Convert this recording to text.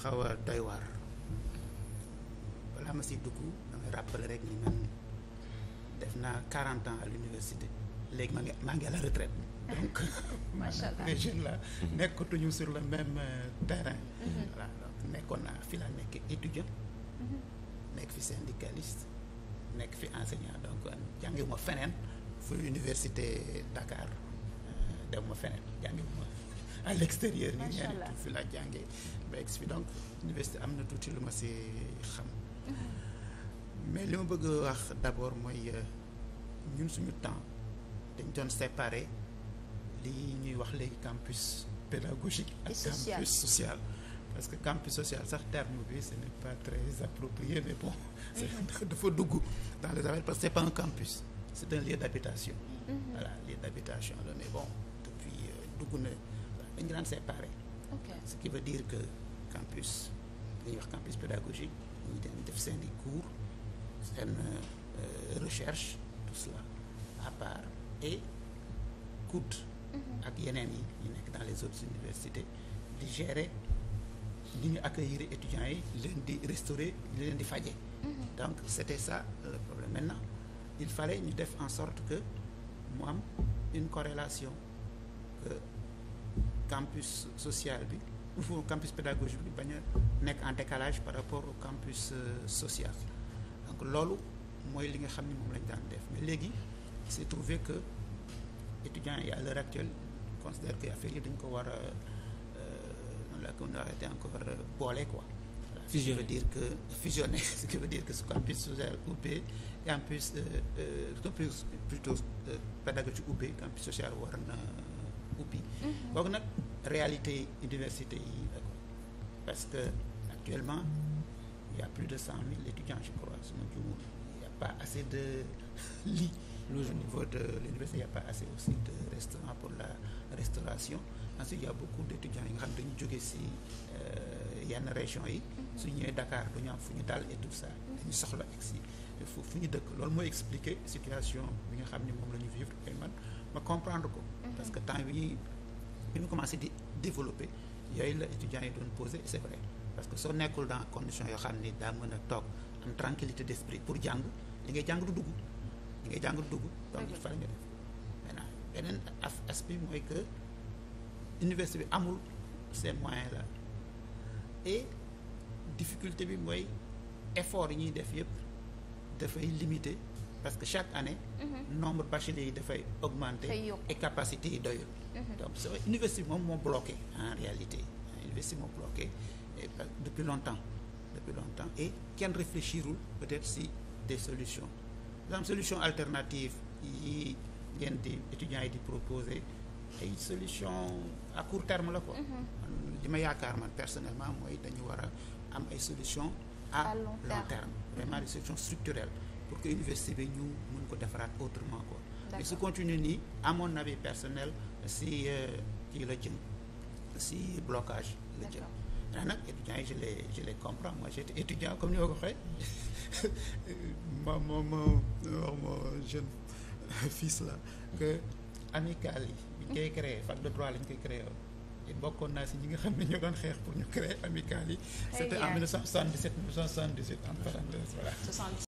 xawa a doy waar balaa ma si dugg damay rappeler rek ni man def naa quarante ans à l'université léegi maa ngi maa la retraite donc macha allah les jeunes nekkatuñu sur le même euh, terrain mm-hmm. voilà donc nekkoon naa fi laa nekk étudiant mm-hmm. nekk fi syndicaliste nekk fi enseignant donc euh, jàngiwu feneen fu université Dakar euh, dem ma feneen jàngiwu à l'extérieur ñu ñaari tur fi laa jàngee ba ex donc université am na tuuti lu ma si xam mais li ma bëgg a wax d'abord mooy euh, ñun suñu temps dañ doon séparer li ñuy wax léegi campus pédagogique ak campus social parce que campus social sax terme bi ce n'est pas très approprié mais bon dafa dugg dans les affaires parce que c'est pas un campus c'est un lieu d'habitation mm-hmm. voilà lieu d'habitation la mais bon depuis euh, dugg na dañu daan séparé. ok ce qui veut dire que campus li wax campus pédagogique ñu dem def seen di cours seen euh, recherche tout cela à part et COUD. Mhm. ak yeneen yi ñu nekk dans les autres universités di gérer li ñu accueillir étudiants yi leen di restaurer leen di faje mhm. donc c'était ça le problème maintenant il fallait ñu def en sorte que mu am une corrélation campus social bi ou campus pédagogique bi bañ a nekk en décalage par rapport au campus euh, social donc loolu mooy li nga xam ne moom lañ daan def mais léegi il s'est trouvé que étudiants yi à l'heure actuelle considère que affaire dañ ko war a noonu euh, la ko mën a encore euh, boole ko fusionner veut dire que fusionner ce qui veut dire que su campus social UB campus plutôt pédagogique UB campus social war na ubbi mhm. kooku nag réalité université yi la parce que actuellement il plus de cent mille étudiants je crois suma juumul il y a pas assez de lits au niveau de l'université il y a pas assez aussi de restaurants pour la restauration ensuite il y a beaucoup d'étudiants yi nga xam dañu jóge ci euh, yenn région yi mhm. su ñëwee Dakar du ñu am fu ñu dal et tout ça mhm. dañu soxla egsi fu fu ñu dëkk loolu mooy expliquer situation bi nga xam ne moom la ñu vivre et man ma comprendre ko mhm. parce que temps bi bi mu commencé di développer yooyu la étudiants yi doon poser c'est parce que soo nekkul dans condition yoo xam ni daa mën a toog am tranquillité d'esprit pour jàng li ngay jàng du dugg li ngay jàng du dugg donc il fallait nga def maintenant beneen aspect mooy que université bi amul ces moyen la et difficulté bi mooy effort yi ñuy def yëpp dafay limité parce que chaque année mhm. nombre bacheliers yi dafay augmenter et capacité yi doyul mhm. donc so université moom moo bloqué en réalité université moo bloqué depuis longtemps depuis longtemps et kenn réfléchirul peut-être si des solutions exemple solution alternative yi gen di étudiants yi di proposer ay solution à court terme la ko mhm. li ma yaakaar man personnellement mooy dañu waral am ay solution à long terme. terme vraiment des solutions structurelles pour que université bi ñu mën ko defaraat autrement quoi mais su continuer nii amoon mon avis personnel si euh, kii la jëm si blocage la jëm ndax nag étudiants yi je les je les comprends moi j'étais étudiant comme ni ma ko waxee ma ma ma wax euh, ma jeune fils là que amicale yi bi ñu koy créé fac de droit la koy créé bokkoon naa si ñi nga xam ne ñoo doon xeex pour ñu créer amicale yi. c'était en 1977 1977 en parenthèse voilà.